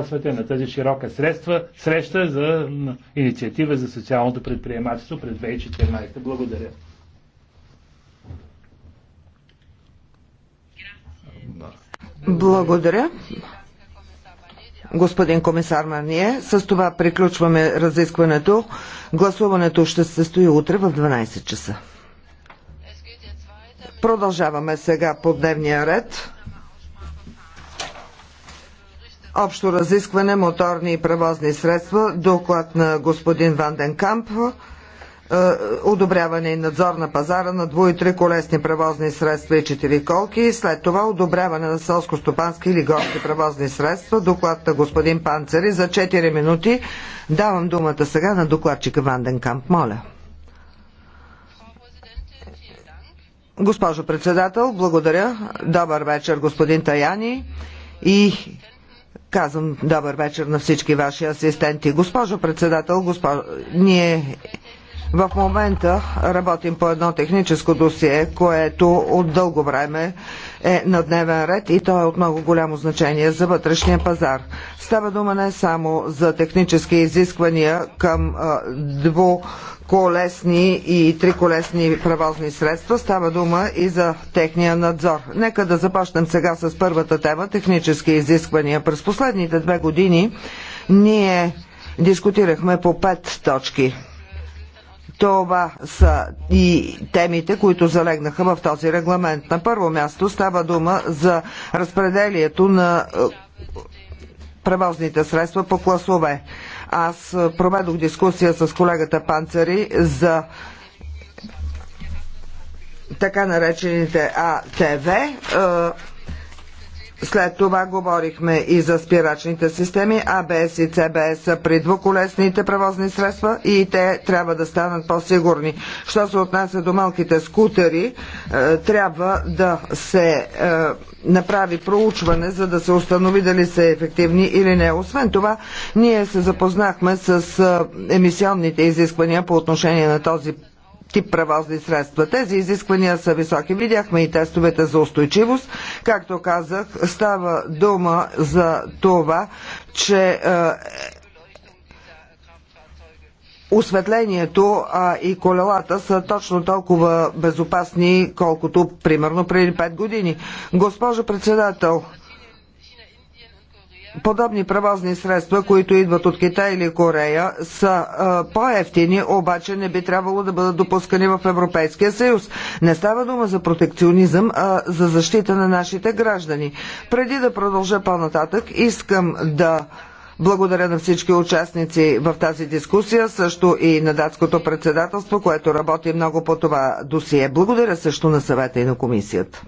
участвате на тази широка средства, среща за инициатива за социалното предприемачество през 2014. Благодаря. Благодаря. Господин комисар Марние, с това приключваме разискването. Гласуването ще се състои утре в 12 часа. Продължаваме сега по дневния ред. Общо разискване моторни и превозни средства. Доклад на господин Ванден Камп. Е, одобряване и надзор на пазара на дво и три колесни превозни средства и четири колки. След това одобряване на селско-стопански или горски превозни средства. Доклад на господин Панцери за 4 минути. Давам думата сега на докладчика Ванден Камп. Моля. Госпожо председател, благодаря. Добър вечер, господин Таяни. И Казвам добър вечер на всички ваши асистенти. Госпожо председател, госпожо... ние в момента работим по едно техническо досие, което от дълго време е на дневен ред и то е от много голямо значение за вътрешния пазар. Става дума не само за технически изисквания към дво колесни и триколесни превозни средства. Става дума и за техния надзор. Нека да започнем сега с първата тема технически изисквания. През последните две години ние дискутирахме по пет точки. Това са и темите, които залегнаха в този регламент. На първо място става дума за разпределието на е, превозните средства по класове. Аз проведох дискусия с колегата Панцари за така наречените АТВ. Е, след това говорихме и за спирачните системи. АБС и ЦБС са при двуколесните превозни средства и те трябва да станат по-сигурни. Що се отнася до малките скутери, е, трябва да се е, направи проучване, за да се установи дали са ефективни или не. Освен това, ние се запознахме с е, емисионните изисквания по отношение на този тип превозни средства. Тези изисквания са високи. Видяхме и тестовете за устойчивост. Както казах, става дума за това, че е, осветлението а, и колелата са точно толкова безопасни, колкото примерно преди 5 години. Госпожо председател, подобни превозни средства, които идват от Китай или Корея, са по-ефтини, обаче не би трябвало да бъдат допускани в Европейския съюз. Не става дума за протекционизъм, а за защита на нашите граждани. Преди да продължа по-нататък, искам да благодаря на всички участници в тази дискусия, също и на датското председателство, което работи много по това досие. Благодаря също на съвета и на комисията.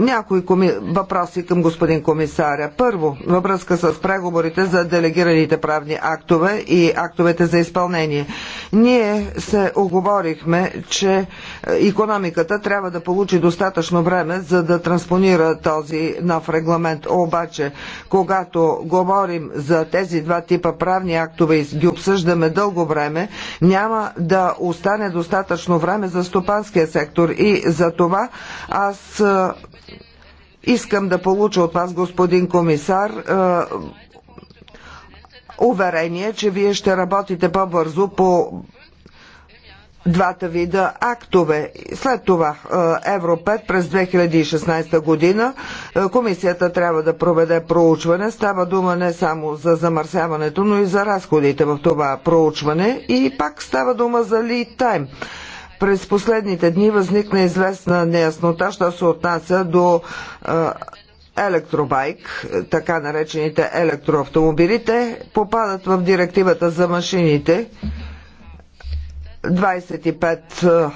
някои коми... въпроси към господин комисаря. Първо, във връзка с преговорите за делегираните правни актове и актовете за изпълнение. Ние се оговорихме, че економиката трябва да получи достатъчно време, за да транспонира този нов регламент. Обаче, когато говорим за тези два типа правни актове и ги обсъждаме дълго време, няма да остане достатъчно време за стопанския сектор. И за това аз е, Искам да получа от вас, господин комисар, е, уверение, че вие ще работите по-бързо по двата вида актове. След това е, Евро 5 през 2016 година е, комисията трябва да проведе проучване. Става дума не само за замърсяването, но и за разходите в това проучване. И пак става дума за лид тайм. През последните дни възникна известна неяснота, що се отнася до електробайк, така наречените електроавтомобилите, попадат в директивата за машините 25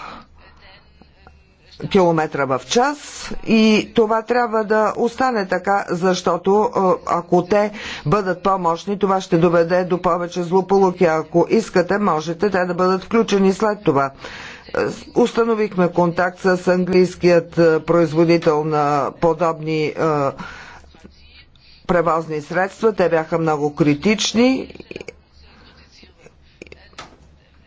км в час и това трябва да остане така, защото ако те бъдат по-мощни, това ще доведе до повече злополуки. Ако искате, можете те да бъдат включени след това. Установихме контакт с английският е, производител на подобни е, превозни средства. Те бяха много критични.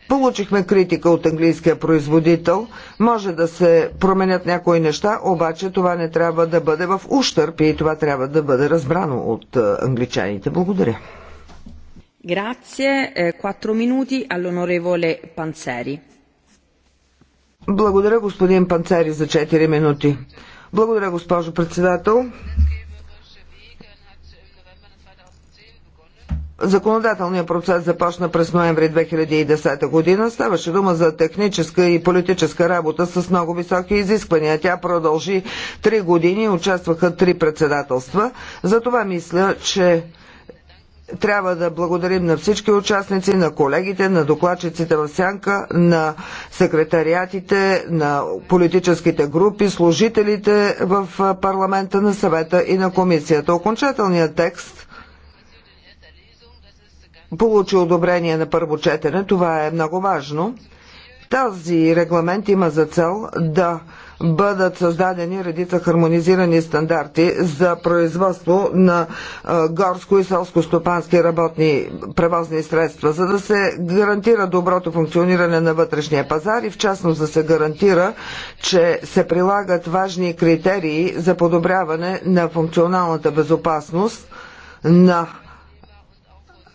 Получихме критика от английския производител. Може да се променят някои неща, обаче това не трябва да бъде в ущърп и това трябва да бъде разбрано от е, англичаните. Благодаря. Grazie, 4 минути all'onorevole Panzeri. Благодаря, господин Панцери, за 4 минути. Благодаря, госпожо председател. Законодателният процес започна през ноември 2010 година. Ставаше дума за техническа и политическа работа с много високи изисквания. Тя продължи три години, участваха три председателства. Затова мисля, че трябва да благодарим на всички участници, на колегите, на докладчиците в Сянка, на секретариатите, на политическите групи, служителите в парламента, на съвета и на комисията. Окончателният текст получи одобрение на първо четене. Това е много важно. Тази регламент има за цел да бъдат създадени редица хармонизирани стандарти за производство на горско и селско-стопански работни превозни средства, за да се гарантира доброто функциониране на вътрешния пазар и в частност да се гарантира, че се прилагат важни критерии за подобряване на функционалната безопасност на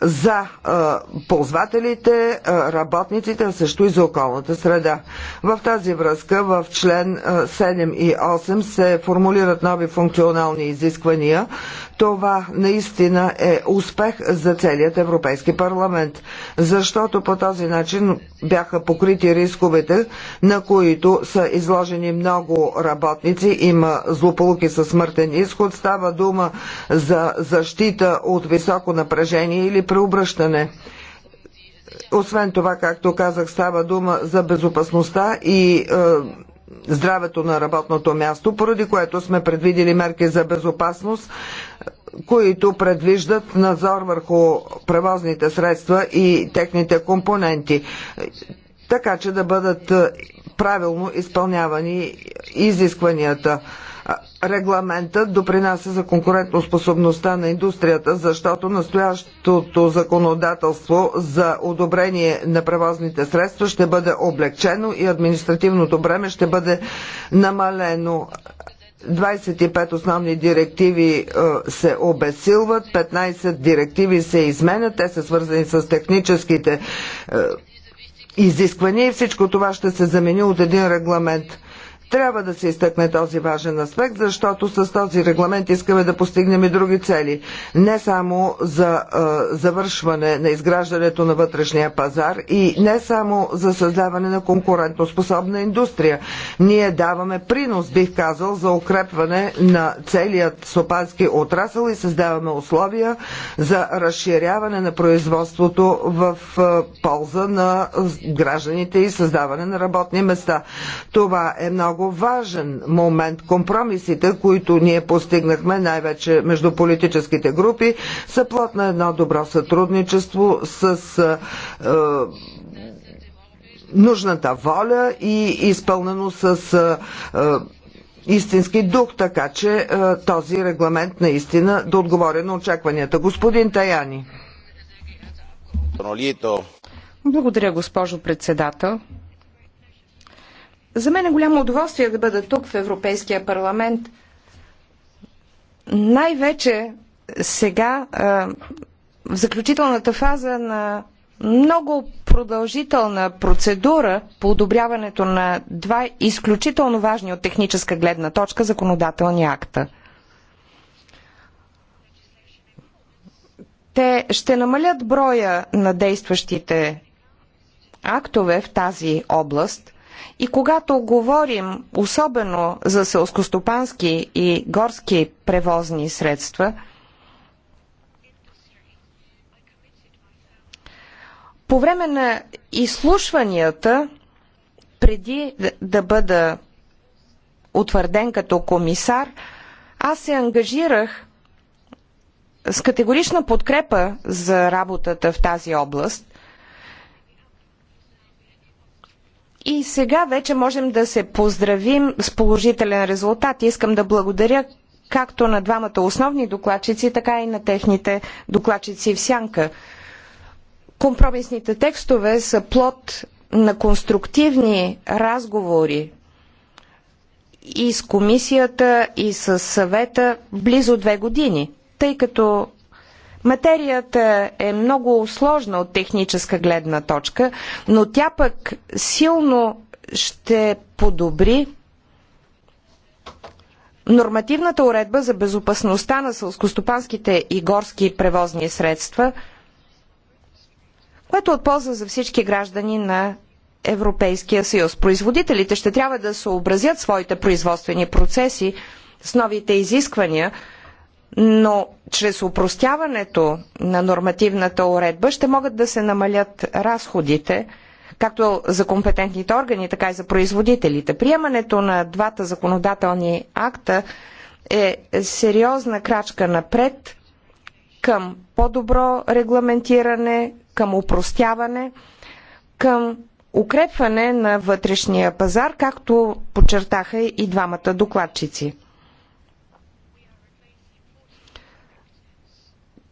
за а, ползвателите, а, работниците, а също и за околната среда. В тази връзка в член 7 и 8 се формулират нови функционални изисквания. Това наистина е успех за целият Европейски парламент, защото по този начин бяха покрити рисковете, на които са изложени много работници. Има злополуки със смъртен изход. Става дума за защита от високо напрежение или преобръщане. Освен това, както казах, става дума за безопасността и е, здравето на работното място, поради което сме предвидили мерки за безопасност, които предвиждат надзор върху превозните средства и техните компоненти, така че да бъдат е, правилно изпълнявани изискванията регламентът допринася за конкурентоспособността на индустрията, защото настоящото законодателство за одобрение на превозните средства ще бъде облегчено и административното бреме ще бъде намалено. 25 основни директиви е, се обесилват, 15 директиви се изменят, те са свързани с техническите е, изисквания и всичко това ще се замени от един регламент. Трябва да се изтъкне този важен аспект, защото с този регламент искаме да постигнем и други цели. Не само за е, завършване на изграждането на вътрешния пазар и не само за създаване на конкурентоспособна индустрия. Ние даваме принос, бих казал, за укрепване на целият сопански отрасъл и създаваме условия за разширяване на производството в е, полза на гражданите и създаване на работни места. Това е много много важен момент. Компромисите, които ние постигнахме, най-вече между политическите групи, са плод на едно добро сътрудничество с е, е нужната воля и изпълнено с е, е, истински дух, така че е, този регламент наистина да отговори на очакванията. Господин Таяни. Благодаря, госпожо председател. За мен е голямо удоволствие да бъда тук в Европейския парламент. Най-вече сега, в заключителната фаза на много продължителна процедура по одобряването на два изключително важни от техническа гледна точка законодателни акта. Те ще намалят броя на действащите актове в тази област – и когато говорим особено за селскостопански и горски превозни средства, по време на изслушванията, преди да бъда утвърден като комисар, аз се ангажирах с категорична подкрепа за работата в тази област И сега вече можем да се поздравим с положителен резултат. Искам да благодаря както на двамата основни докладчици, така и на техните докладчици в сянка. Компромисните текстове са плод на конструктивни разговори и с комисията, и с съвета близо две години, тъй като Материята е много сложна от техническа гледна точка, но тя пък силно ще подобри нормативната уредба за безопасността на сълскостопанските и горски превозни средства, което е от полза за всички граждани на Европейския съюз. Производителите ще трябва да съобразят своите производствени процеси с новите изисквания – но чрез упростяването на нормативната уредба ще могат да се намалят разходите, както за компетентните органи, така и за производителите. Приемането на двата законодателни акта е сериозна крачка напред към по-добро регламентиране, към упростяване, към укрепване на вътрешния пазар, както подчертаха и двамата докладчици.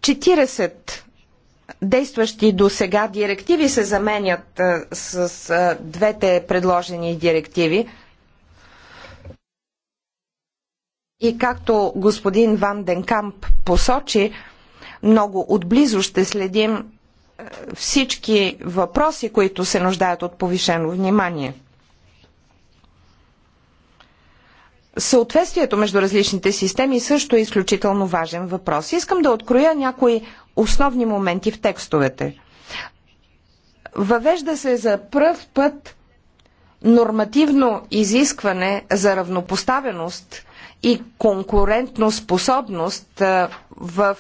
40 действащи до сега директиви се заменят с двете предложени директиви. И както господин Ван Денкамп посочи, много отблизо ще следим всички въпроси, които се нуждаят от повишено внимание. Съответствието между различните системи също е изключително важен въпрос. Искам да откроя някои основни моменти в текстовете. Въвежда се за пръв път нормативно изискване за равнопоставеност и конкурентно способност в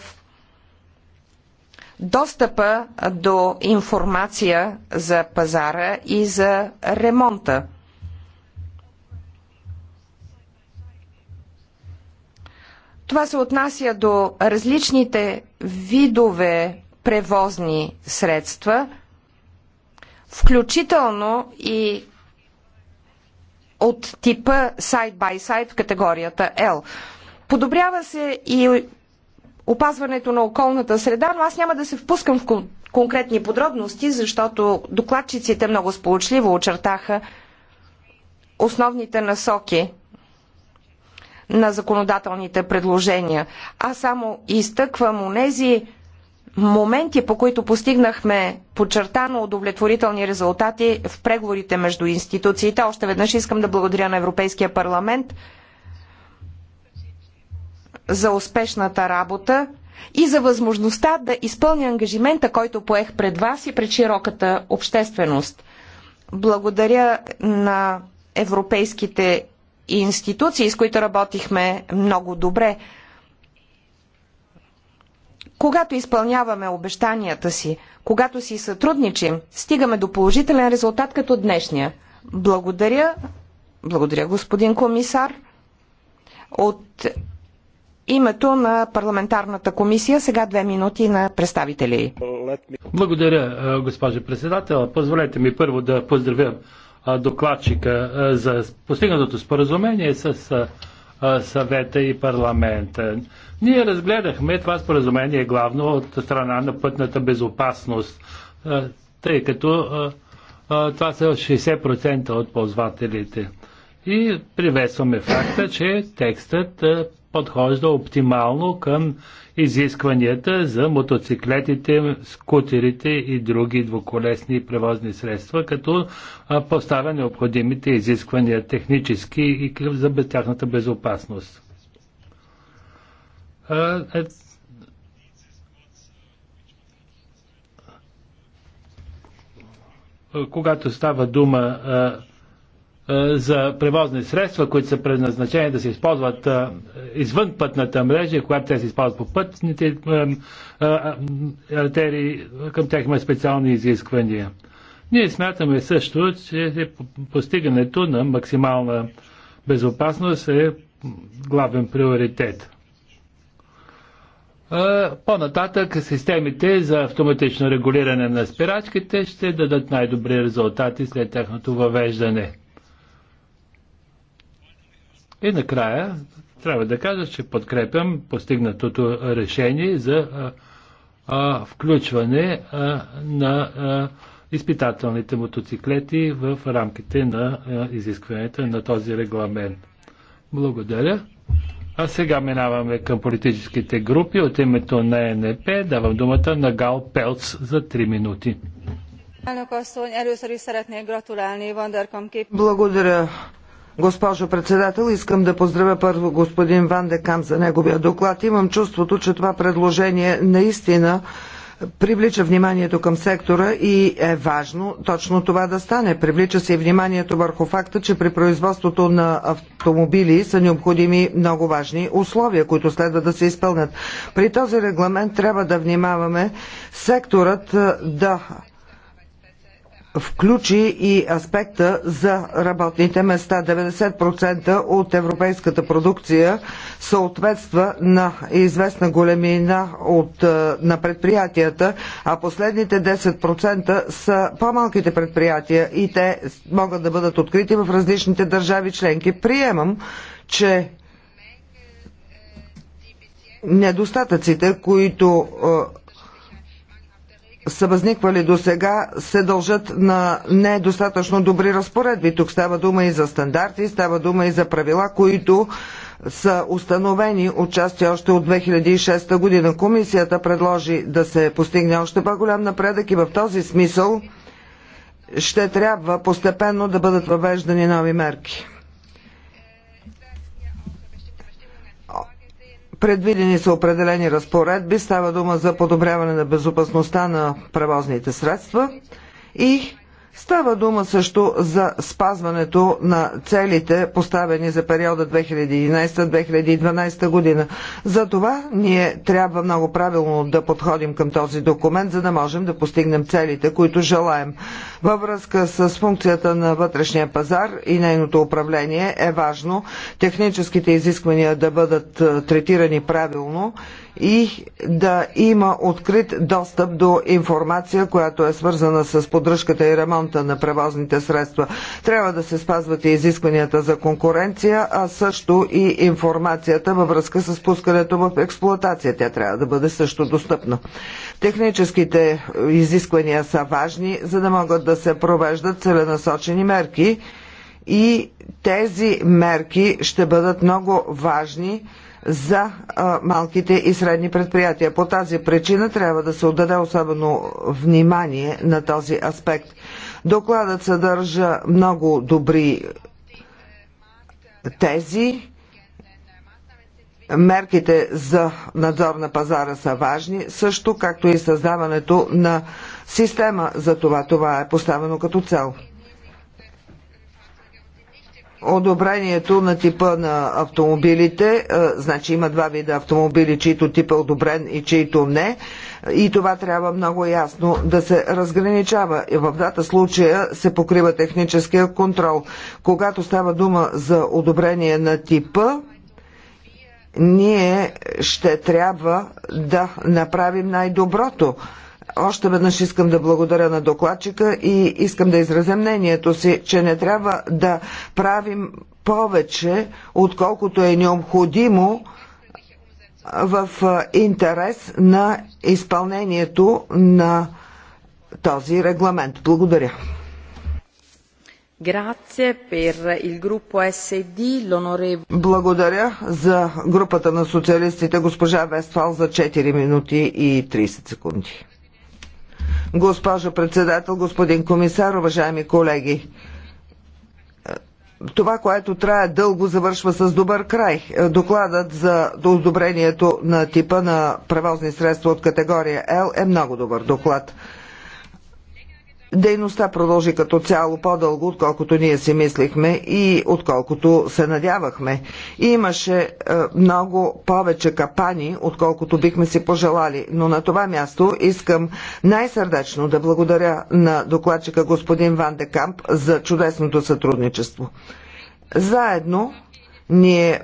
достъпа до информация за пазара и за ремонта. Това се отнася до различните видове превозни средства, включително и от типа side-by-side в категорията L. Подобрява се и опазването на околната среда, но аз няма да се впускам в конкретни подробности, защото докладчиците много сполучливо очертаха основните насоки на законодателните предложения. Аз само изтъквам онези моменти, по които постигнахме подчертано удовлетворителни резултати в преговорите между институциите. Още веднъж искам да благодаря на Европейския парламент за успешната работа и за възможността да изпълня ангажимента, който поех пред вас и пред широката общественост. Благодаря на европейските и институции, с които работихме много добре. Когато изпълняваме обещанията си, когато си сътрудничим, стигаме до положителен резултат като днешния. Благодаря, благодаря господин комисар. От името на парламентарната комисия. Сега две минути на представители. Благодаря, госпожо председател. Позволете ми първо да поздравя докладчика за постигнатото споразумение с съвета и парламента. Ние разгледахме това споразумение главно от страна на пътната безопасност, тъй като това са 60% от ползвателите. И приветстваме факта, че текстът подхожда оптимално към изискванията за мотоциклетите, скутерите и други двуколесни превозни средства, като поставя необходимите изисквания технически и за тяхната безопасност. Е, когато става дума е, за превозни средства, които са предназначени да се използват е, извън пътната мрежа, когато те се използват по пътните е, артерии, към тях има специални изисквания. Ние смятаме също, че постигането на максимална безопасност е главен приоритет. По-нататък системите за автоматично регулиране на спирачките ще дадат най-добри резултати след тяхното въвеждане. И накрая трябва да кажа, че подкрепям постигнатото решение за а, а, включване а, на а, изпитателните мотоциклети в рамките на а, изискването на този регламент. Благодаря. А сега минаваме към политическите групи. От името на ЕНП давам думата на Гал Пелц за 3 минути. Благодаря, Госпожо председател, искам да поздравя първо господин Ван Декам за неговия доклад. Имам чувството, че това предложение наистина привлича вниманието към сектора и е важно точно това да стане. Привлича се и вниманието върху факта, че при производството на автомобили са необходими много важни условия, които следва да се изпълнят. При този регламент трябва да внимаваме секторът да включи и аспекта за работните места. 90% от европейската продукция съответства на известна големина от, е, на предприятията, а последните 10% са по-малките предприятия и те могат да бъдат открити в различните държави членки. Приемам, че недостатъците, които е, са възниквали до сега, се дължат на недостатъчно добри разпоредби. Тук става дума и за стандарти, става дума и за правила, които са установени части още от 2006 година. Комисията предложи да се постигне още по-голям напредък и в този смисъл ще трябва постепенно да бъдат въвеждани нови мерки. Предвидени са определени разпоредби, става дума за подобряване на безопасността на превозните средства и Става дума също за спазването на целите, поставени за периода 2011-2012 година. За това ние трябва много правилно да подходим към този документ, за да можем да постигнем целите, които желаем. Във връзка с функцията на вътрешния пазар и нейното управление е важно техническите изисквания да бъдат третирани правилно и да има открит достъп до информация, която е свързана с поддръжката и ремонта на превозните средства. Трябва да се спазват и изискванията за конкуренция, а също и информацията във връзка с пускането в експлуатация. Тя трябва да бъде също достъпна. Техническите изисквания са важни, за да могат да се провеждат целенасочени мерки и тези мерки ще бъдат много важни за а, малките и средни предприятия. По тази причина трябва да се отдаде особено внимание на този аспект. Докладът съдържа много добри тези. Мерките за надзор на пазара са важни, също както и създаването на система за това. Това е поставено като цел одобрението на типа на автомобилите. Е, значи има два вида автомобили, чието тип е одобрен и чието не. И това трябва много ясно да се разграничава. И в двата случая се покрива техническия контрол. Когато става дума за одобрение на типа, ние ще трябва да направим най-доброто още веднъж искам да благодаря на докладчика и искам да изразя мнението си, че не трябва да правим повече, отколкото е необходимо в интерес на изпълнението на този регламент. Благодаря. Благодаря за групата на социалистите госпожа Вестфал за 4 минути и 30 секунди госпожо председател, господин комисар, уважаеми колеги. Това, което трае дълго, завършва с добър край. Докладът за одобрението на типа на превозни средства от категория L е много добър доклад. Дейността продължи като цяло по-дълго, отколкото ние си мислихме и отколкото се надявахме. И имаше е, много повече капани, отколкото бихме си пожелали. Но на това място искам най-сърдечно да благодаря на докладчика господин Ван де Камп за чудесното сътрудничество. Заедно ние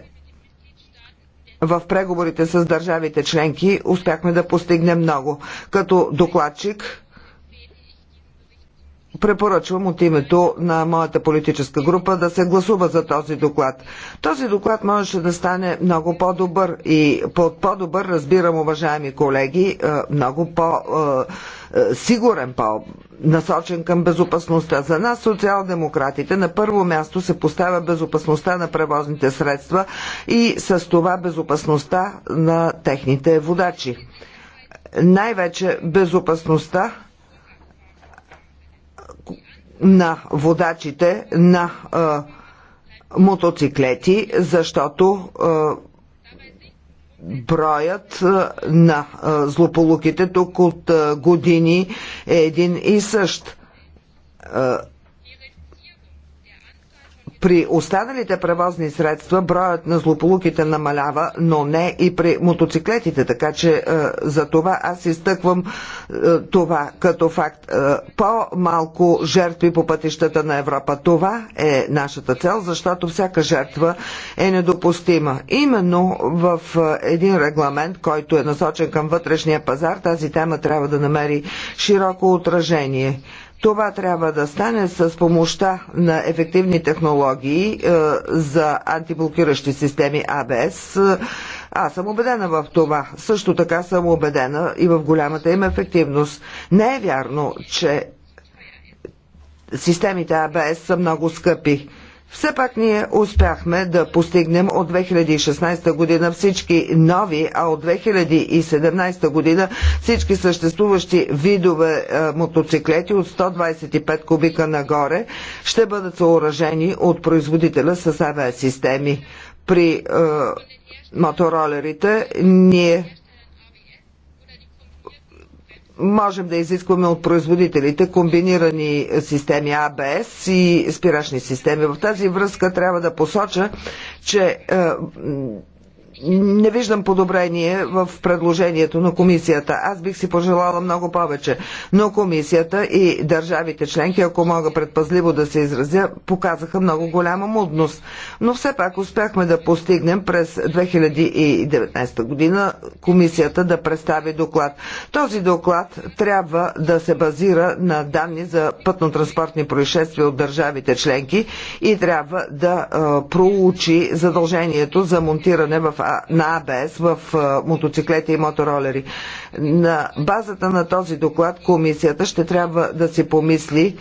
в преговорите с държавите членки успяхме да постигнем много. Като докладчик препоръчвам от името на моята политическа група да се гласува за този доклад. Този доклад можеше да стане много по-добър и под по-добър разбирам, уважаеми колеги, е, много по-сигурен, по е, е, насочен към безопасността. За нас, социал-демократите, на първо място се поставя безопасността на превозните средства и с това безопасността на техните водачи. Най-вече безопасността на водачите на а, мотоциклети, защото а, броят на злополуките тук от години е един и същ. При останалите превозни средства броят на злополуките намалява, но не и при мотоциклетите, така че е, за това аз изтъквам е, това като факт. Е, по-малко жертви по пътищата на Европа. Това е нашата цел, защото всяка жертва е недопустима. Именно в е, един регламент, който е насочен към вътрешния пазар, тази тема трябва да намери широко отражение. Това трябва да стане с помощта на ефективни технологии е, за антиблокиращи системи АБС. Е, аз съм убедена в това. Също така съм убедена и в голямата им ефективност. Не е вярно, че системите АБС са много скъпи. Все пак ние успяхме да постигнем от 2016 година всички нови, а от 2017 година всички съществуващи видове е, мотоциклети от 125 кубика нагоре ще бъдат съоръжени от производителя с АВС системи. При е, моторолерите ние можем да изискваме от производителите комбинирани системи АБС и спирачни системи. В тази връзка трябва да посоча, че е, не виждам подобрение в предложението на комисията. Аз бих си пожелала много повече. Но комисията и държавите членки, ако мога предпазливо да се изразя, показаха много голяма мудност. Но все пак успяхме да постигнем през 2019 година комисията да представи доклад. Този доклад трябва да се базира на данни за пътно-транспортни происшествия от държавите членки и трябва да проучи задължението за монтиране в на АБС в мотоциклети и моторолери. На базата на този доклад комисията ще трябва да си помисли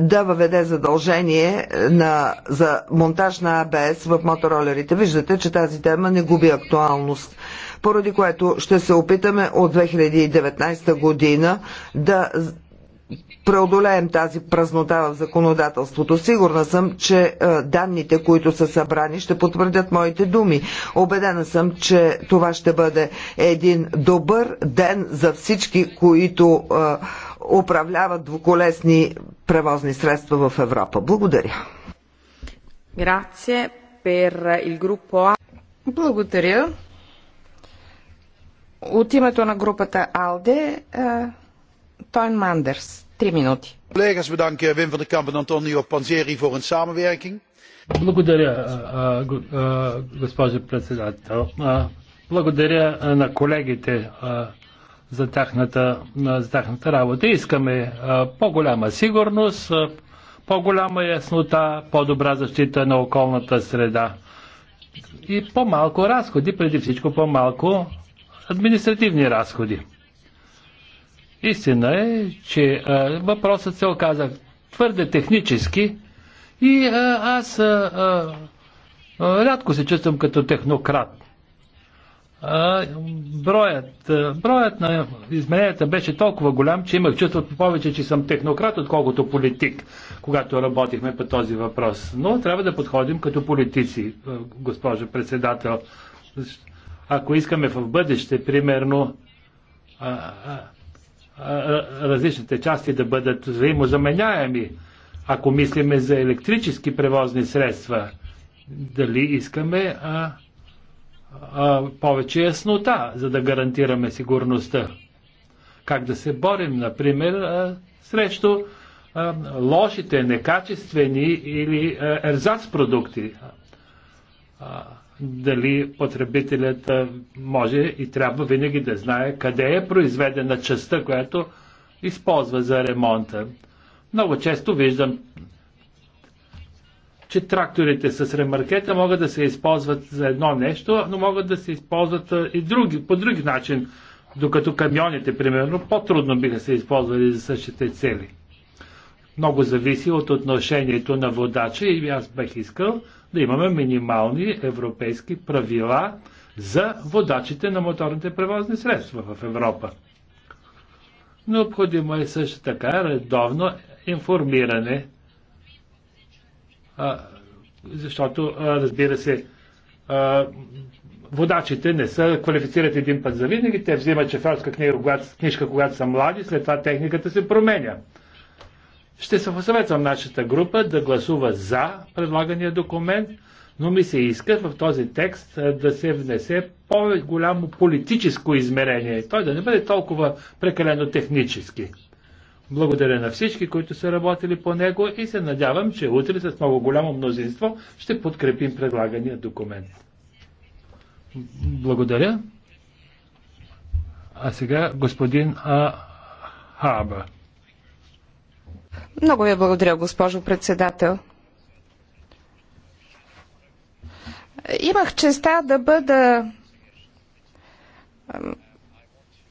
да въведе задължение на, за монтаж на АБС в моторолерите. Виждате, че тази тема не губи актуалност поради което ще се опитаме от 2019 година да преодолеем тази празнота в законодателството. Сигурна съм, че е, данните, които са събрани, ще потвърдят моите думи. Обедена съм, че това ще бъде един добър ден за всички, които е, управляват двуколесни превозни средства в Европа. Благодаря. Благодаря. От името на групата АЛДЕ е, Тойн Мандерс. Три минути. Collega's bedanken eh, Wim van den Kamp en Antonio Panzeri voor hun samenwerking. Благодаря, госпожо председател. Благодаря на колегите за тяхната, за тяхната работа. Искаме по-голяма сигурност, по-голяма яснота, по-добра защита на околната среда и по-малко разходи, преди всичко по-малко административни разходи. Истина е, че а, въпросът се оказа твърде технически и а, аз а, а, рядко се чувствам като технократ. А, броят, а, броят на измененията беше толкова голям, че имах чувството повече, че съм технократ, отколкото политик, когато работихме по този въпрос. Но трябва да подходим като политици, госпожо председател. Ако искаме в бъдеще, примерно, а, а, различните части да бъдат взаимозаменяеми. Ако мислиме за електрически превозни средства, дали искаме а, а, повече яснота, за да гарантираме сигурността? Как да се борим, например, а, срещу а, лошите, некачествени или а, ерзац продукти? А, дали потребителят може и трябва винаги да знае къде е произведена частта, която използва за ремонта. Много често виждам, че тракторите с ремаркета могат да се използват за едно нещо, но могат да се използват и други, по друг начин, докато камионите, примерно, по-трудно биха се използвали за същите цели. Много зависи от отношението на водача и аз бих искал да имаме минимални европейски правила за водачите на моторните превозни средства в Европа. Необходимо е също така редовно информиране, защото, разбира се, водачите не са квалифицират един път за винаги, те взимат шофьорска книга, книжка, когато са млади, след това техниката се променя. Ще се посъветвам нашата група да гласува за предлагания документ, но ми се иска в този текст е, да се внесе по-голямо политическо измерение. Той да не бъде толкова прекалено технически. Благодаря на всички, които са работили по него и се надявам, че утре с много голямо мнозинство ще подкрепим предлагания документ. Благодаря. А сега господин а, Хаба. Много ви благодаря, госпожо председател. Имах честа да бъда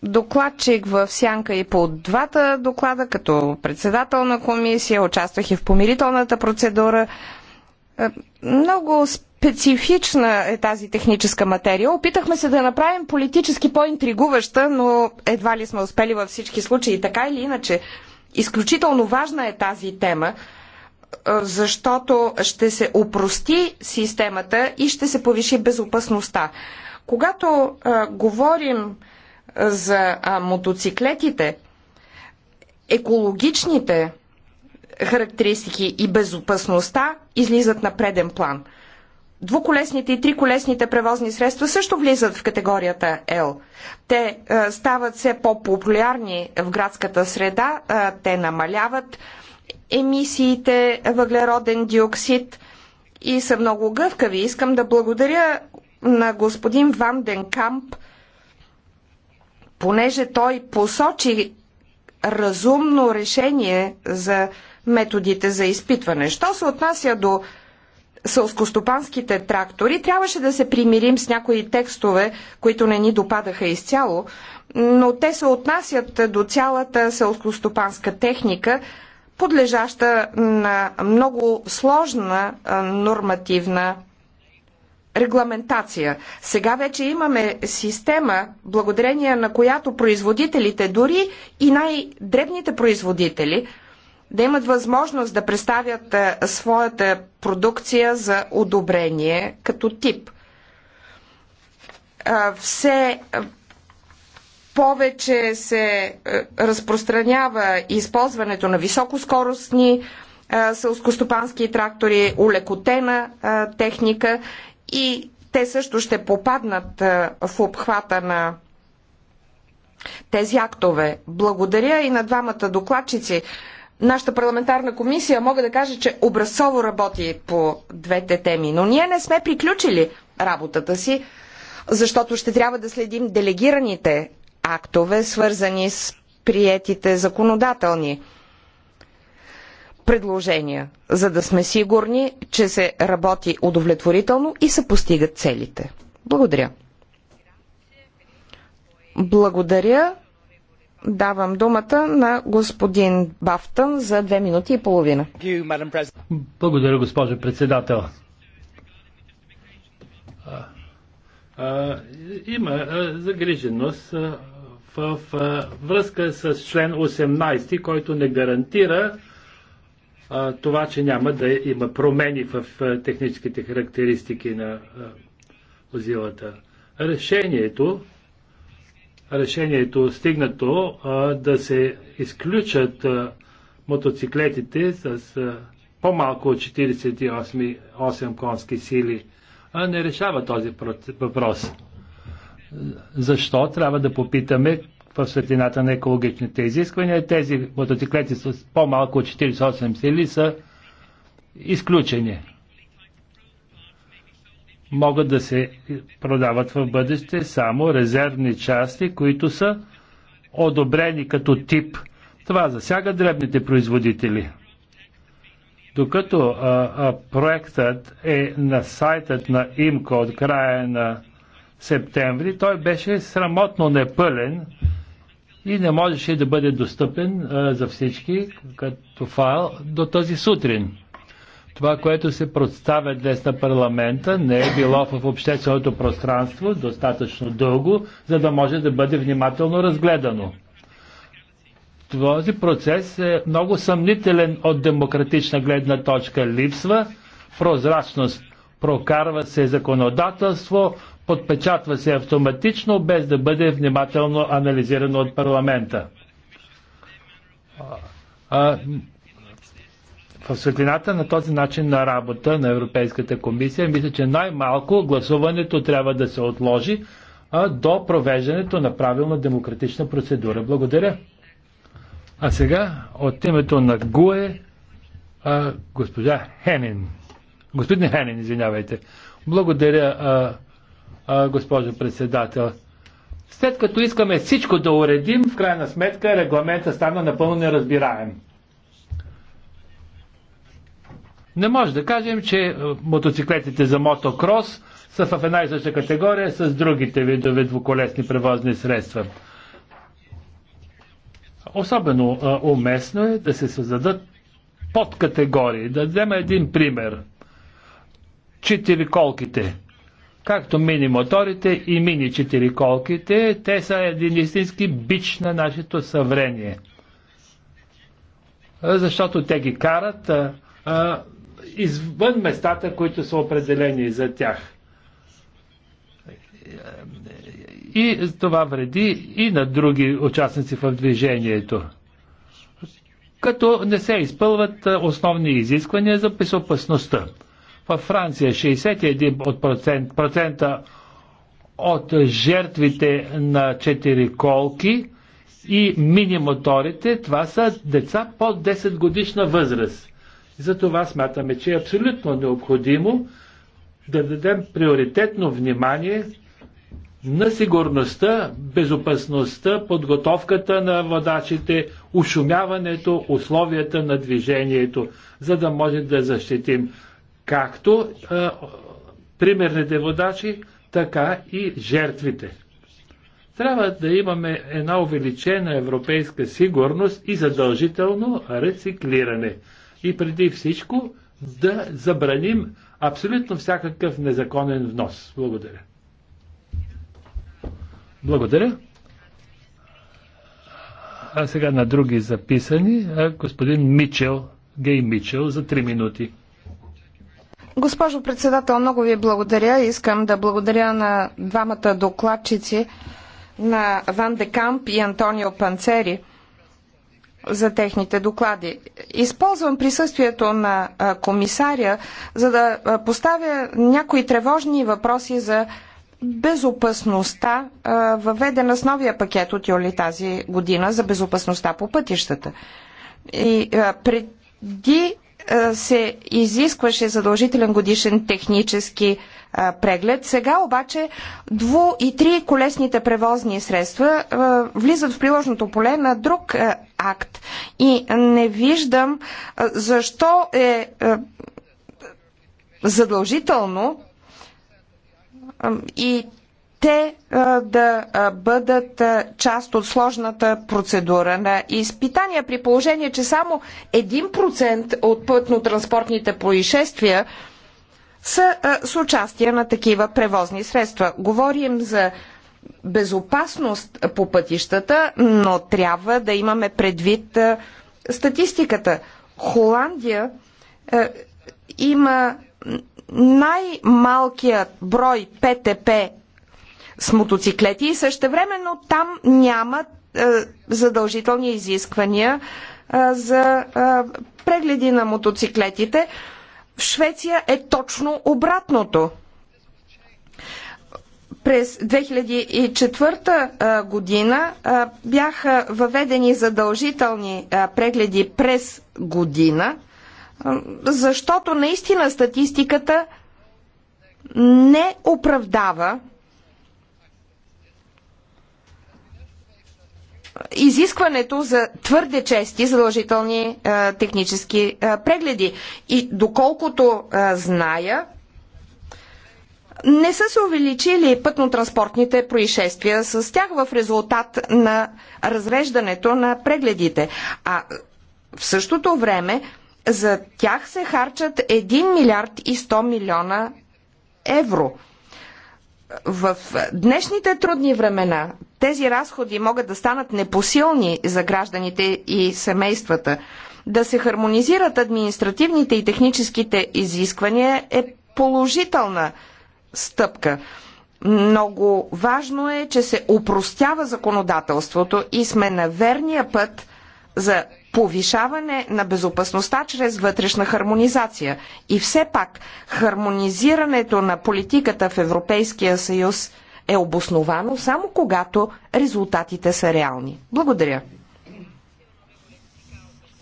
докладчик в Сянка и по двата доклада, като председател на комисия, участвах и в помирителната процедура. Много специфична е тази техническа материя. Опитахме се да направим политически по-интригуваща, но едва ли сме успели във всички случаи. Така или иначе, Изключително важна е тази тема, защото ще се опрости системата и ще се повиши безопасността. Когато а, говорим за а, мотоциклетите, екологичните характеристики и безопасността излизат на преден план – двуколесните и триколесните превозни средства също влизат в категорията L. Те е, стават все по-популярни в градската среда, е, те намаляват емисиите е, въглероден диоксид и са много гъвкави. Искам да благодаря на господин Ван Ден Камп, понеже той посочи разумно решение за методите за изпитване. Що се отнася до сълскостопанските трактори, трябваше да се примирим с някои текстове, които не ни допадаха изцяло, но те се отнасят до цялата селскостопанска техника, подлежаща на много сложна нормативна регламентация. Сега вече имаме система, благодарение на която производителите, дори и най-дребните производители – да имат възможност да представят е, своята продукция за одобрение като тип. Е, все повече се е, разпространява използването на високоскоростни селскостопански трактори, улекотена техника и те също ще попаднат в обхвата на тези актове. Благодаря и на двамата докладчици нашата парламентарна комисия, мога да кажа, че образцово работи по двете теми. Но ние не сме приключили работата си, защото ще трябва да следим делегираните актове, свързани с приетите законодателни предложения, за да сме сигурни, че се работи удовлетворително и се постигат целите. Благодаря. Благодаря давам думата на господин Бафтън за две минути и половина. Благодаря, госпожо председател. А, има а, загриженост а, в а, връзка с член 18, който не гарантира а, това, че няма да има промени в а, техническите характеристики на а, озилата. Решението решението стигнато да се изключат мотоциклетите с по-малко от 48 конски сили, а не решава този въпрос. Защо трябва да попитаме в светлината на екологичните изисквания тези мотоциклети с по-малко от 48 сили са изключени? могат да се продават в бъдеще само резервни части, които са одобрени като тип. Това засяга дребните производители. Докато а, а, проектът е на сайтът на ИМКО от края на септември, той беше срамотно непълен и не можеше да бъде достъпен а, за всички като файл до тази сутрин. Това, което се представя днес на парламента, не е било в общественото пространство достатъчно дълго, за да може да бъде внимателно разгледано. Този процес е много съмнителен от демократична гледна точка. Липсва прозрачност. Прокарва се законодателство, подпечатва се автоматично, без да бъде внимателно анализирано от парламента. А, в светлината на този начин на работа на Европейската комисия, мисля, че най-малко гласуването трябва да се отложи а, до провеждането на правилна демократична процедура. Благодаря. А сега от името на ГУЕ а, госпожа Хенин. Господин Хенин, извинявайте. Благодаря, а, а, госпожо председател. След като искаме всичко да уредим, в крайна сметка регламента стана напълно неразбираем. Не може да кажем, че е, мотоциклетите за мотокрос са в една и съща категория с другите видове двуколесни превозни средства. Особено а, е, уместно е да се създадат подкатегории. Да взема един пример. Четириколките. Както мини моторите и мини четириколките, те са един истински бич на нашето съврение. Защото те ги карат а, е, извън местата, които са определени за тях. И това вреди и на други участници в движението. Като не се изпълват основни изисквания за безопасността. Във Франция 61% от жертвите на колки и мини моторите, това са деца под 10 годишна възраст. Затова смятаме, че е абсолютно необходимо да дадем приоритетно внимание на сигурността, безопасността, подготовката на водачите, ушумяването, условията на движението, за да може да защитим както а, примерните водачи, така и жертвите. Трябва да имаме една увеличена европейска сигурност и задължително рециклиране и преди всичко да забраним абсолютно всякакъв незаконен внос. Благодаря. Благодаря. А сега на други записани, господин Мичел, Гей Мичел, за 3 минути. Госпожо председател, много ви благодаря. Искам да благодаря на двамата докладчици, на Ван Декамп и Антонио Панцери за техните доклади. Използвам присъствието на комисаря, за да поставя някои тревожни въпроси за безопасността, въведена с новия пакет от юли тази година за безопасността по пътищата. И преди се изискваше задължителен годишен технически преглед. Сега обаче дву и три колесните превозни средства влизат в приложното поле на друг акт. И не виждам защо е задължително и те да бъдат част от сложната процедура на изпитания, при положение, че само 1% от пътно-транспортните происшествия са а, с участие на такива превозни средства. Говорим за безопасност по пътищата, но трябва да имаме предвид а, статистиката. Холандия а, има най-малкият брой ПТП с мотоциклети и същевременно там няма задължителни изисквания за прегледи на мотоциклетите. В Швеция е точно обратното. През 2004 година бяха въведени задължителни прегледи през година, защото наистина статистиката не оправдава изискването за твърде чести задължителни а, е, технически а, е, прегледи. И доколкото а, е, зная, не са се увеличили пътно-транспортните происшествия с тях в резултат на разреждането на прегледите. А в същото време за тях се харчат 1 милиард и 100 милиона евро в днешните трудни времена тези разходи могат да станат непосилни за гражданите и семействата. Да се хармонизират административните и техническите изисквания е положителна стъпка. Много важно е, че се упростява законодателството и сме на верния път за повишаване на безопасността чрез вътрешна хармонизация. И все пак, хармонизирането на политиката в Европейския съюз е обосновано само когато резултатите са реални. Благодаря.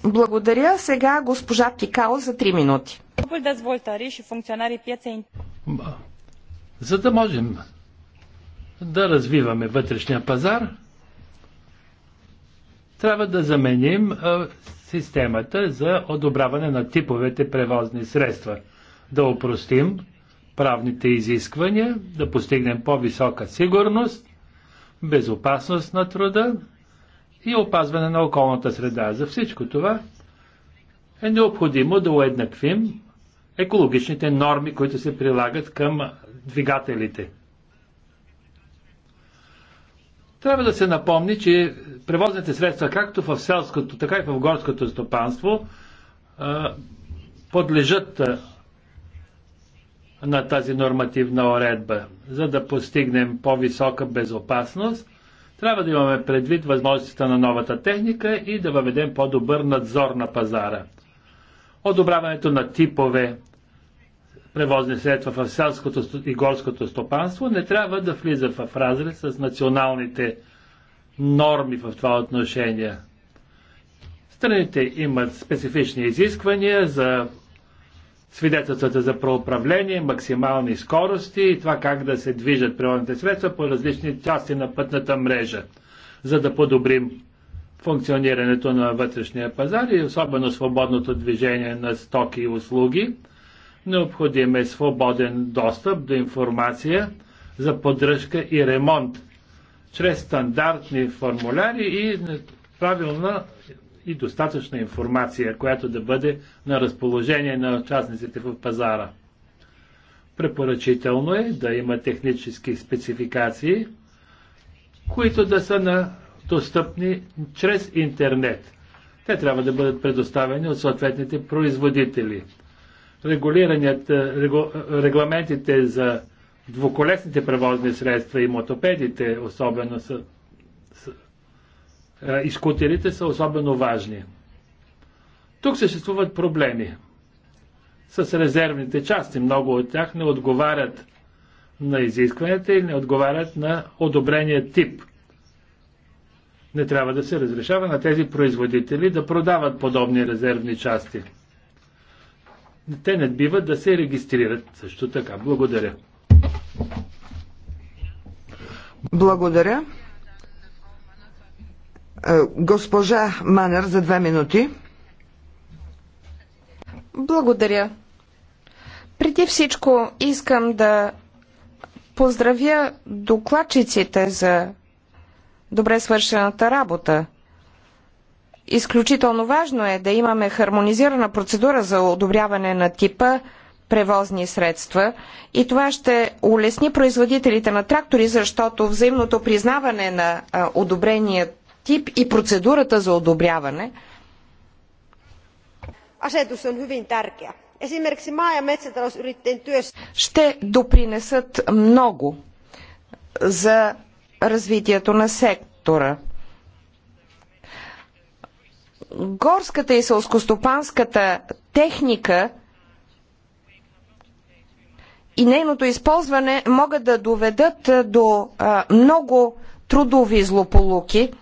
Благодаря. Сега госпожа Тикао за 3 минути. За да можем да развиваме вътрешния пазар, трябва да заменим системата за одобряване на типовете превозни средства. Да упростим правните изисквания, да постигнем по-висока сигурност, безопасност на труда и опазване на околната среда. За всичко това е необходимо да уеднаквим екологичните норми, които се прилагат към двигателите. Трябва да се напомни, че превозните средства, както в селското, така и в горското стопанство, подлежат на тази нормативна уредба. За да постигнем по-висока безопасност, трябва да имаме предвид възможностите на новата техника и да въведем по-добър надзор на пазара. Одобряването на типове превозни средства в селското и горското стопанство не трябва да влиза в разрез с националните норми в това отношение. Страните имат специфични изисквания за свидетелствата за проуправление, максимални скорости и това как да се движат природните средства по различни части на пътната мрежа, за да подобрим функционирането на вътрешния пазар и особено свободното движение на стоки и услуги Необходим е свободен достъп до информация за поддръжка и ремонт чрез стандартни формуляри и правилна и достатъчна информация, която да бъде на разположение на участниците в пазара. Препоръчително е да има технически спецификации, които да са на достъпни чрез интернет. Те трябва да бъдат предоставени от съответните производители регулираният, е, е, регламентите за двуколесните превозни средства и мотопедите, особено са, са, е, и скутерите са особено важни. Тук съществуват проблеми с резервните части. Много от тях не отговарят на изискванията или не отговарят на одобрения тип. Не трябва да се разрешава на тези производители да продават подобни резервни части те не биват да се регистрират също така. Благодаря. Благодаря. Е, госпожа Манер за две минути. Благодаря. Преди всичко искам да поздравя докладчиците за добре свършената работа. Изключително важно е да имаме хармонизирана процедура за одобряване на типа превозни средства и това ще улесни производителите на трактори, защото взаимното признаване на одобрения тип и процедурата за одобряване ще допринесат много за развитието на сектора горската и селскостопанската техника и нейното използване могат да доведат до много трудови злополуки,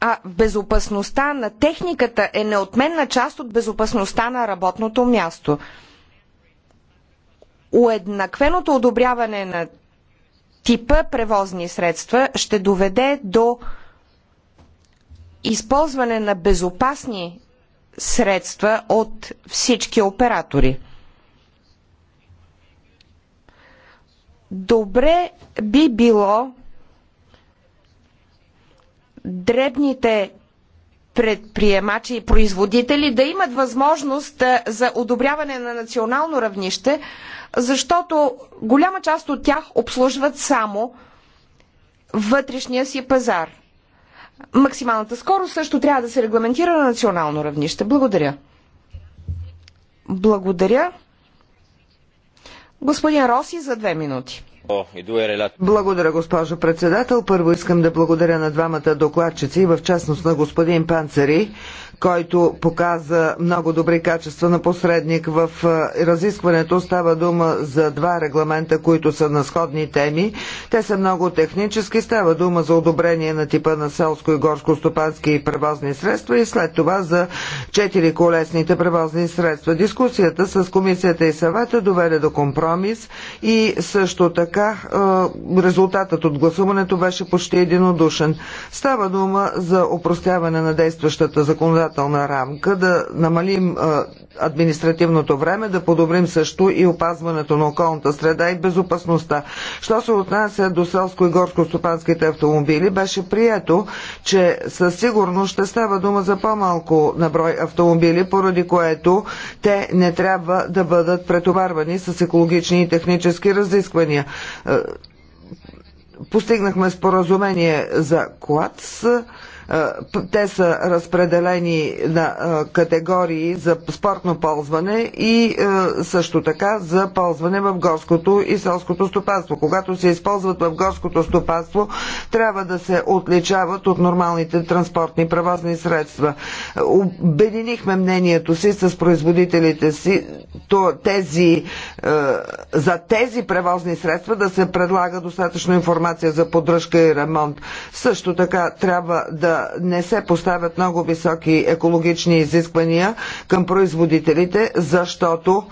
а безопасността на техниката е неотменна част от безопасността на работното място. Уеднаквеното одобряване на типа превозни средства ще доведе до използване на безопасни средства от всички оператори. Добре би било дребните предприемачи и производители да имат възможност за одобряване на национално равнище, защото голяма част от тях обслужват само вътрешния си пазар. Максималната скорост също трябва да се регламентира на национално равнище. Благодаря. Благодаря. Господин Роси за две минути. Благодаря, госпожо председател. Първо искам да благодаря на двамата докладчици, в частност на господин Панцери, който показа много добри качества на посредник. В разискването става дума за два регламента, които са на сходни теми. Те са много технически. Става дума за одобрение на типа на селско и горско стопански и превозни средства и след това за четири колесните превозни средства. Дискусията с комисията и съвета доведе до компромис и също така така резултатът от гласуването беше почти единодушен. Става дума за опростяване на действащата законодателна рамка, да намалим административното време, да подобрим също и опазването на околната среда и безопасността. Що се отнася до селско и горско стопанските автомобили, беше прието, че със сигурност ще става дума за по-малко наброй автомобили, поради което те не трябва да бъдат претоварвани с екологични и технически разисквания. Е, постигнахме споразумение за КОАЦ. Е, те са разпределени на е, категории за спортно ползване и е, също така за ползване в горското и селското стопанство. Когато се използват в горското стопанство, трябва да се отличават от нормалните транспортни превозни средства. Обединихме мнението си с производителите си то, тези, за тези превозни средства да се предлага достатъчно информация за поддръжка и ремонт. Също така трябва да не се поставят много високи екологични изисквания към производителите, защото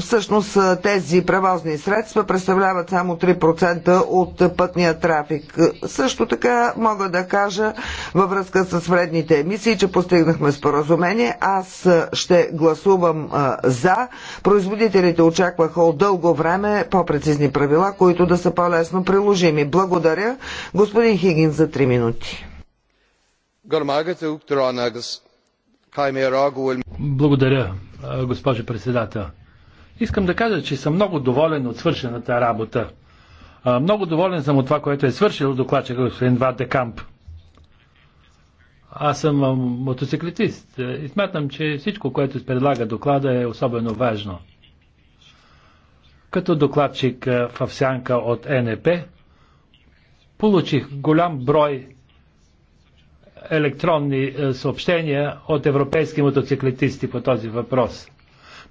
всъщност тези превозни средства представляват само 3% от пътния трафик. Също така мога да кажа във връзка с вредните емисии, че постигнахме споразумение. Аз ще гласувам за. Производителите очакваха от дълго време по-прецизни правила, които да са по-лесно приложими. Благодаря. Господин Хигин за 3 минути. Благодаря, госпожо председател. Искам да кажа, че съм много доволен от свършената работа. Много доволен съм от това, което е свършил докладчика господин Ваде Камп. Аз съм мотоциклетист и смятам, че всичко, което предлага доклада е особено важно. Като докладчик в сянка от НП, получих голям брой електронни съобщения от европейски мотоциклетисти по този въпрос.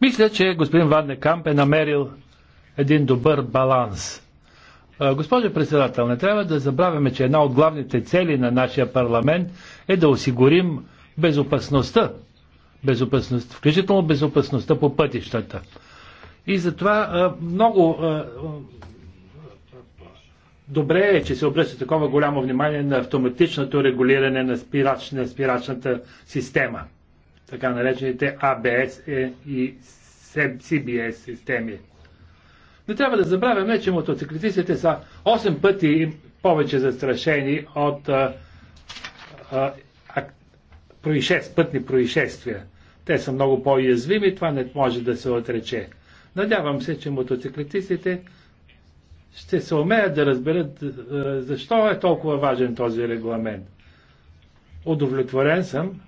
Мисля, че господин Ван Камп е намерил един добър баланс. Госпожо председател, не трябва да забравяме, че една от главните цели на нашия парламент е да осигурим безопасността, безопасност, включително безопасността по пътищата. И затова много добре е, че се обръща такова голямо внимание на автоматичното регулиране на, спирач, на спирачната система така наречените ABS е и CBS е системи. Не трябва да забравяме, че мотоциклетистите са 8 пъти повече застрашени от а, а, происшест, пътни происшествия. Те са много по-язвими, това не може да се отрече. Надявам се, че мотоциклетистите ще се умеят да разберат защо е толкова важен този регламент. Удовлетворен съм,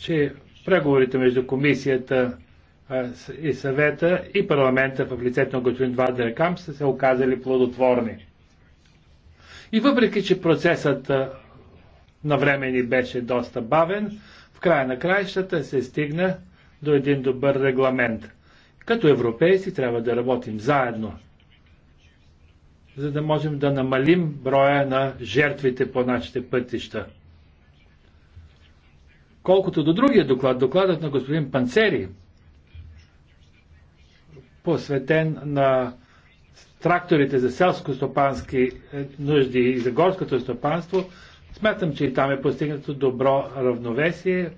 че преговорите между комисията и съвета и парламента в лицето на господин камп са се оказали плодотворни. И въпреки, че процесът на време ни беше доста бавен, в края на краищата се стигна до един добър регламент. Като европейци трябва да работим заедно, за да можем да намалим броя на жертвите по нашите пътища. Колкото до другия доклад, докладът на господин Панцери, посветен на тракторите за селско-стопански е, нужди и за горското стопанство, смятам, че и там е постигнато добро равновесие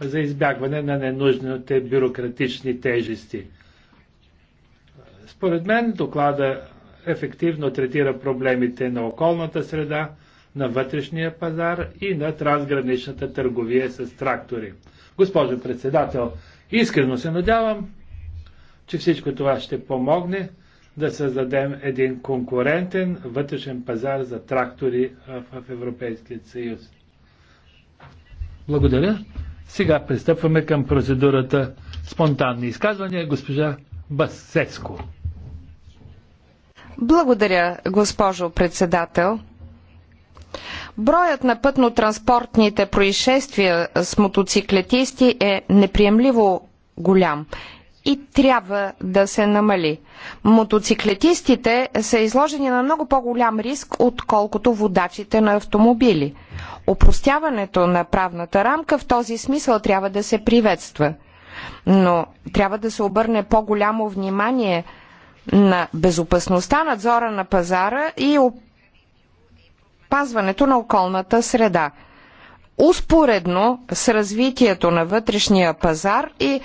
за избягване на ненужните бюрократични тежести. Според мен доклада ефективно третира проблемите на околната среда, на вътрешния пазар и на трансграничната търговия с трактори. Госпожо председател, искрено се надявам, че всичко това ще помогне да създадем един конкурентен вътрешен пазар за трактори в Европейския съюз. Благодаря. Сега пристъпваме към процедурата спонтанни изказвания. Госпожа Басецко. Благодаря, госпожо председател. Броят на пътно-транспортните происшествия с мотоциклетисти е неприемливо голям и трябва да се намали. Мотоциклетистите са изложени на много по-голям риск, отколкото водачите на автомобили. Опростяването на правната рамка в този смисъл трябва да се приветства. Но трябва да се обърне по-голямо внимание на безопасността, надзора на пазара и опазването на околната среда. Успоредно с развитието на вътрешния пазар и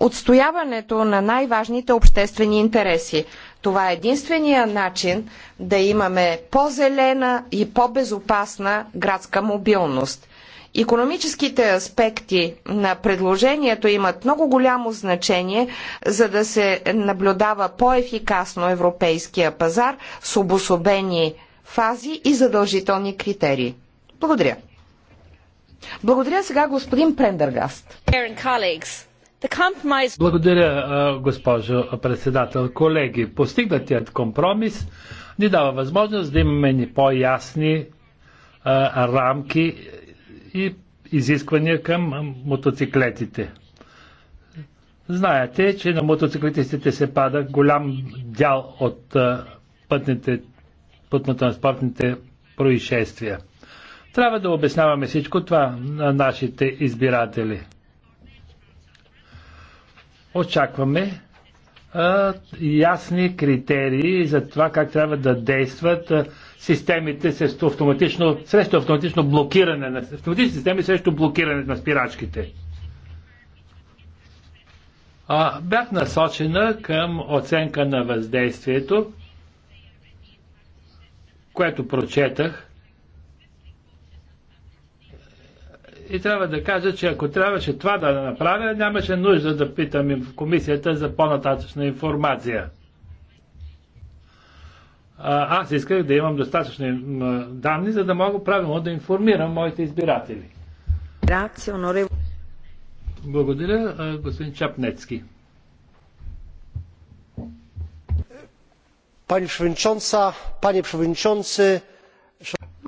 отстояването на най-важните обществени интереси. Това е единствения начин да имаме по-зелена и по-безопасна градска мобилност. Економическите аспекти на предложението имат много голямо значение, за да се наблюдава по-ефикасно европейския пазар с обособени фази и задължителни критерии. Благодаря. Благодаря сега господин Прендергаст. Благодаря, госпожо председател. Колеги, постигнатият компромис ни дава възможност да имаме по-ясни рамки и изисквания към мотоциклетите. Знаете, че на мотоциклетистите се пада голям дял от пътните пътно-транспортните происшествия. Трябва да обясняваме всичко това на нашите избиратели. Очакваме а, ясни критерии за това как трябва да действат а, системите срещу автоматично, срещу автоматично блокиране на автоматични системи срещу блокиране на спирачките. А, бях насочена към оценка на въздействието което прочетах. И трябва да кажа, че ако трябваше това да направя, нямаше нужда да питам в комисията за по-нататъчна информация. Аз исках да имам достатъчни данни, за да мога правилно да информирам моите избиратели. Благодаря, господин Чапнецки.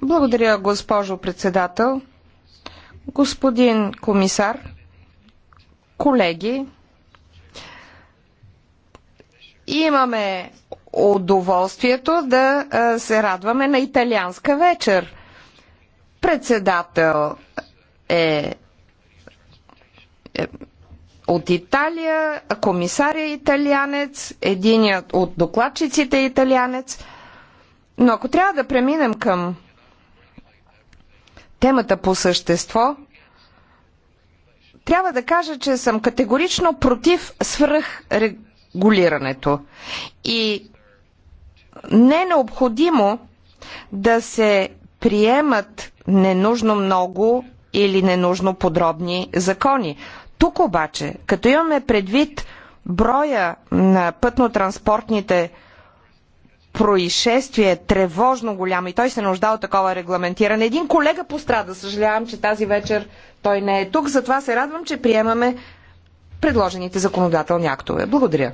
Благодаря, госпожо председател. Господин комисар, колеги, имаме удоволствието да се радваме на италианска вечер. Председател е, е от Италия, комисаря е италианец, единият от докладчиците е италианец. Но ако трябва да преминем към темата по същество, трябва да кажа, че съм категорично против свръхрегулирането. И не е необходимо да се приемат ненужно много или ненужно подробни закони. Тук обаче, като имаме предвид броя на пътно-транспортните происшествие е тревожно голямо и той се нуждае от такова регламентиране. Един колега пострада, съжалявам, че тази вечер той не е тук, затова се радвам, че приемаме предложените законодателни актове. Благодаря.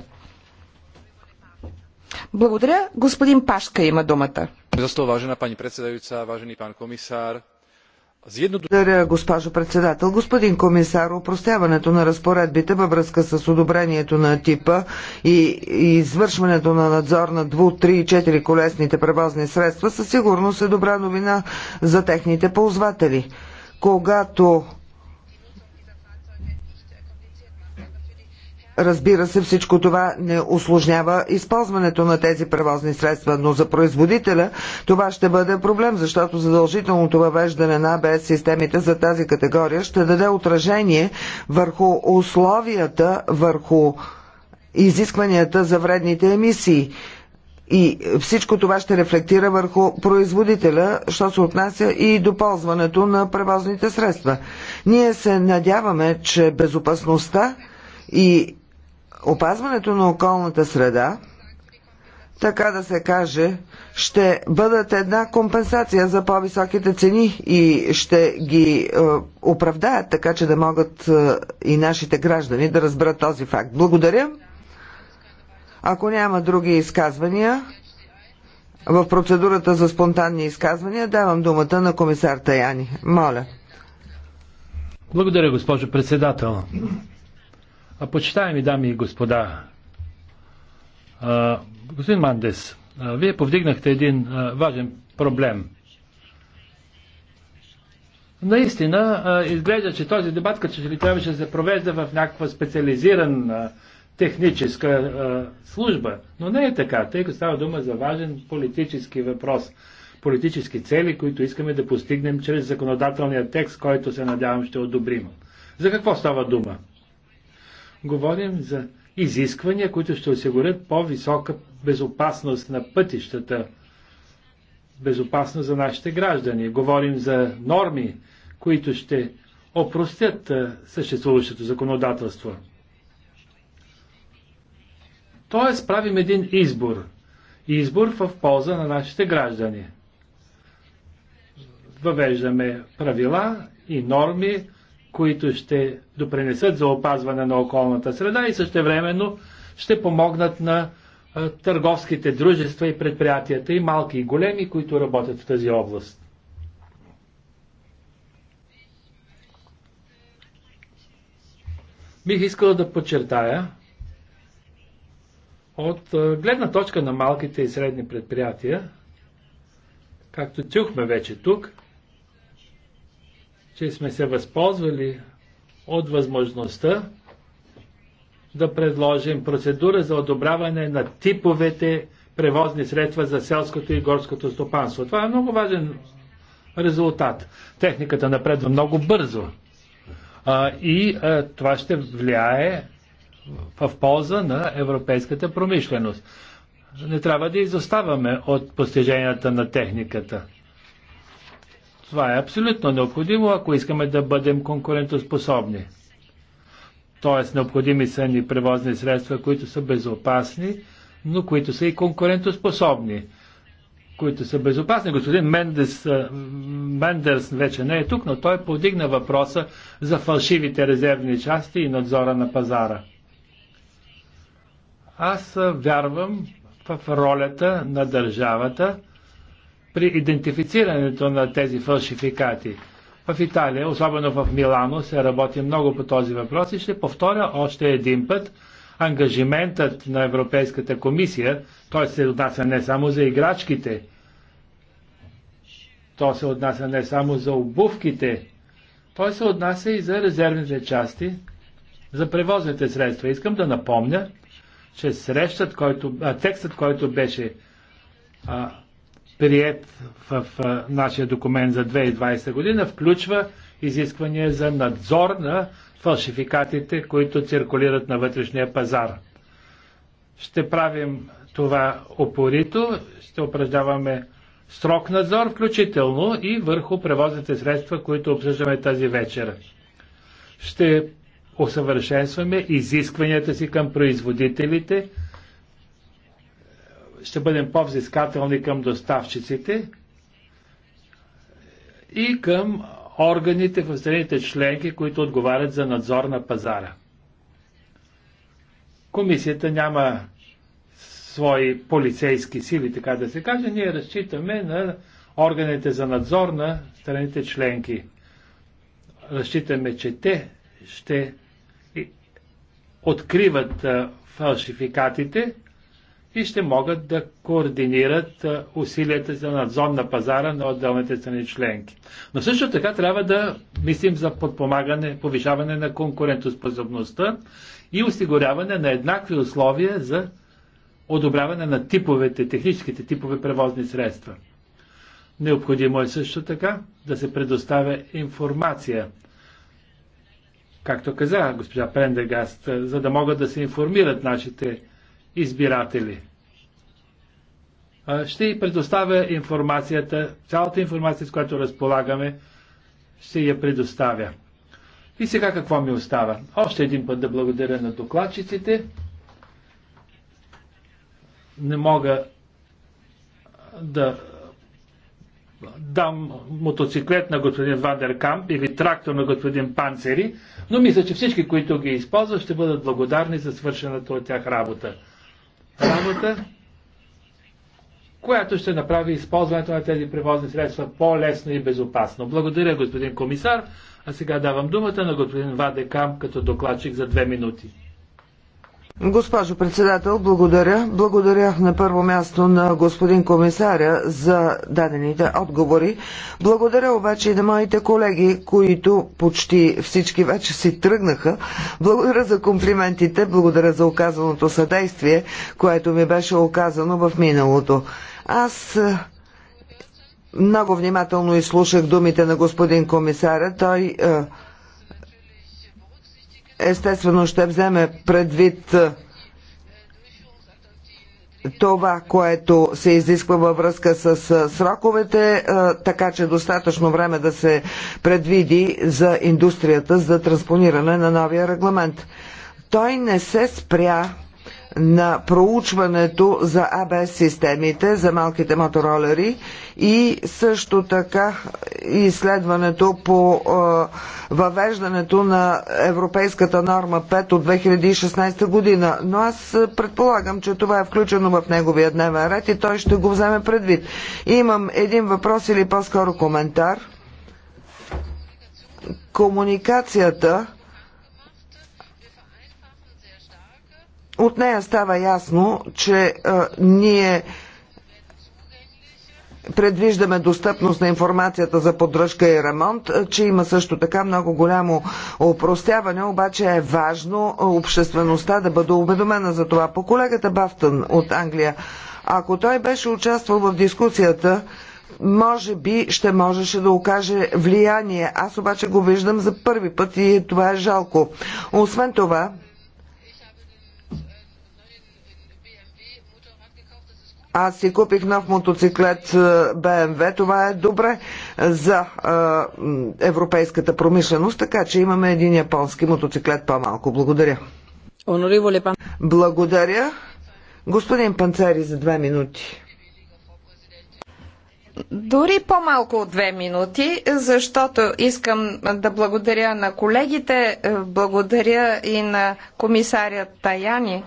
Благодаря. Господин Пашка има думата. За пани председавица, важени пан комисар. Благодаря, госпожо председател. Господин комисар, упростяването на разпоредбите във връзка с одобрението на типа и, извършването на надзор на 2, 3 и 4 колесните превозни средства със сигурност е добра новина за техните ползватели. Когато Разбира се, всичко това не осложнява използването на тези превозни средства, но за производителя това ще бъде проблем, защото задължителното въвеждане на АБС системите за тази категория ще даде отражение върху условията, върху изискванията за вредните емисии. И всичко това ще рефлектира върху производителя, що се отнася и до ползването на превозните средства. Ние се надяваме, че безопасността и опазването на околната среда, така да се каже, ще бъдат една компенсация за по-високите цени и ще ги е, оправдаят, така че да могат е, и нашите граждани да разберат този факт. Благодаря. Ако няма други изказвания, в процедурата за спонтанни изказвания давам думата на комисар Таяни. Моля. Благодаря, госпожо председател. Почитаеми дами и господа, господин Мандес, вие повдигнахте един важен проблем. Наистина, изглежда, че този дебат като че ли трябваше да се провежда в някаква специализирана техническа служба. Но не е така, тъй като става дума за важен политически въпрос политически цели, които искаме да постигнем чрез законодателния текст, който се надявам ще одобрим. За какво става дума? говорим за изисквания, които ще осигурят по-висока безопасност на пътищата, безопасност за нашите граждани. Говорим за норми, които ще опростят съществуващото законодателство. Тоест правим един избор. Избор в полза на нашите граждани. Въвеждаме правила и норми, които ще допренесат за опазване на околната среда и същевременно ще помогнат на търговските дружества и предприятията, и малки и големи, които работят в тази област. Бих искала да подчертая, от гледна точка на малките и средни предприятия, както чухме вече тук, че сме се възползвали от възможността да предложим процедура за одобряване на типовете превозни средства за селското и горското стопанство. Това е много важен резултат. Техниката напредва много бързо. А, и а, това ще влияе в полза на европейската промишленост. Не трябва да изоставаме от постиженията на техниката. Това е абсолютно необходимо, ако искаме да бъдем конкурентоспособни. Тоест, необходими са ни превозни средства, които са безопасни, но които са и конкурентоспособни. Които са безопасни. Господин Мендес, Мендерс вече не е тук, но той повдигна въпроса за фалшивите резервни части и надзора на пазара. Аз вярвам в ролята на държавата при идентифицирането на тези фалшификати. В Италия, особено в Милано, се работи много по този въпрос и ще повторя още един път ангажиментът на Европейската комисия, той се отнася не само за играчките, то се отнася не само за обувките, той се отнася и за резервните части, за превозните средства. Искам да напомня, че срещат, който, а, текстът, който беше а, прият в нашия документ за 2020 година, включва изисквания за надзор на фалшификатите, които циркулират на вътрешния пазар. Ще правим това опорито, ще упражняваме строг надзор, включително и върху превозните средства, които обсъждаме тази вечер. Ще усъвършенстваме изискванията си към производителите, ще бъдем по-взискателни към доставчиците и към органите в страните членки, които отговарят за надзор на пазара. Комисията няма свои полицейски сили, така да се каже. Ние разчитаме на органите за надзор на страните членки. Разчитаме, че те ще откриват фалшификатите и ще могат да координират усилията за надзор на пазара на отделните страни членки. Но също така трябва да мислим за подпомагане, повишаване на конкурентоспособността и осигуряване на еднакви условия за одобряване на типовете, техническите типове превозни средства. Необходимо е също така да се предоставя информация, както каза госпожа Прендегаст, за да могат да се информират нашите избиратели ще й предоставя информацията, цялата информация, с която разполагаме, ще я предоставя. И сега какво ми остава? Още един път да благодаря на докладчиците. Не мога да дам мотоциклет на господин Вандеркамп или трактор на господин Панцери, но мисля, че всички, които ги използват, ще бъдат благодарни за свършената от тях работа. Работа, която ще направи използването на тези превозни средства по-лесно и безопасно. Благодаря, господин комисар. А сега давам думата на господин Ваде Кам като докладчик за две минути. Госпожо председател, благодаря. Благодаря на първо място на господин комисаря за дадените отговори. Благодаря обаче и на моите колеги, които почти всички вече си тръгнаха. Благодаря за комплиментите, благодаря за оказаното съдействие, което ми беше оказано в миналото. Аз е, много внимателно изслушах думите на господин комисаря. Той е, естествено ще вземе предвид е, това, което се изисква във връзка с е, сроковете, е, така че достатъчно време да се предвиди за индустрията за транспониране на новия регламент. Той не се спря на проучването за АБС системите за малките моторолери и също така изследването по въвеждането на европейската норма 5 от 2016 година. Но аз предполагам, че това е включено в неговия дневен ред и той ще го вземе предвид. Имам един въпрос или по-скоро коментар. Комуникацията от нея става ясно, че а, ние предвиждаме достъпност на информацията за поддръжка и ремонт, че има също така много голямо упростяване, обаче е важно обществеността да бъде уведомена за това. По колегата Бафтън от Англия, ако той беше участвал в дискусията, може би ще можеше да окаже влияние. Аз обаче го виждам за първи път и това е жалко. Освен това, Аз си купих нов мотоциклет BMW. Е, Това е добре за е, европейската промишленост, така че имаме един японски мотоциклет по-малко. Благодаря. Благодаря. Господин Панцери за две минути. Дори по-малко от две минути, защото искам да благодаря на колегите, е, благодаря и на комисарят Таяни.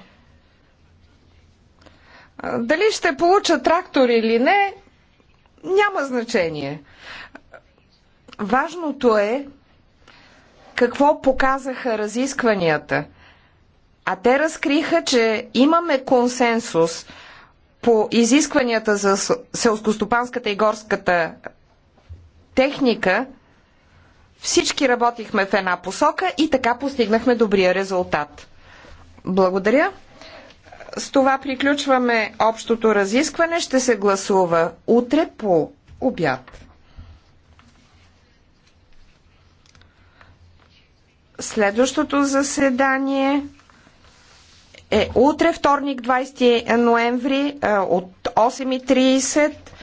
Дали ще получа трактор или не, няма значение. Важното е какво показаха разискванията. А те разкриха, че имаме консенсус по изискванията за селскостопанската и горската техника. Всички работихме в една посока и така постигнахме добрия резултат. Благодаря. С това приключваме общото разискване. Ще се гласува утре по обяд. Следващото заседание е утре, вторник, 20 ноември, от 8.30.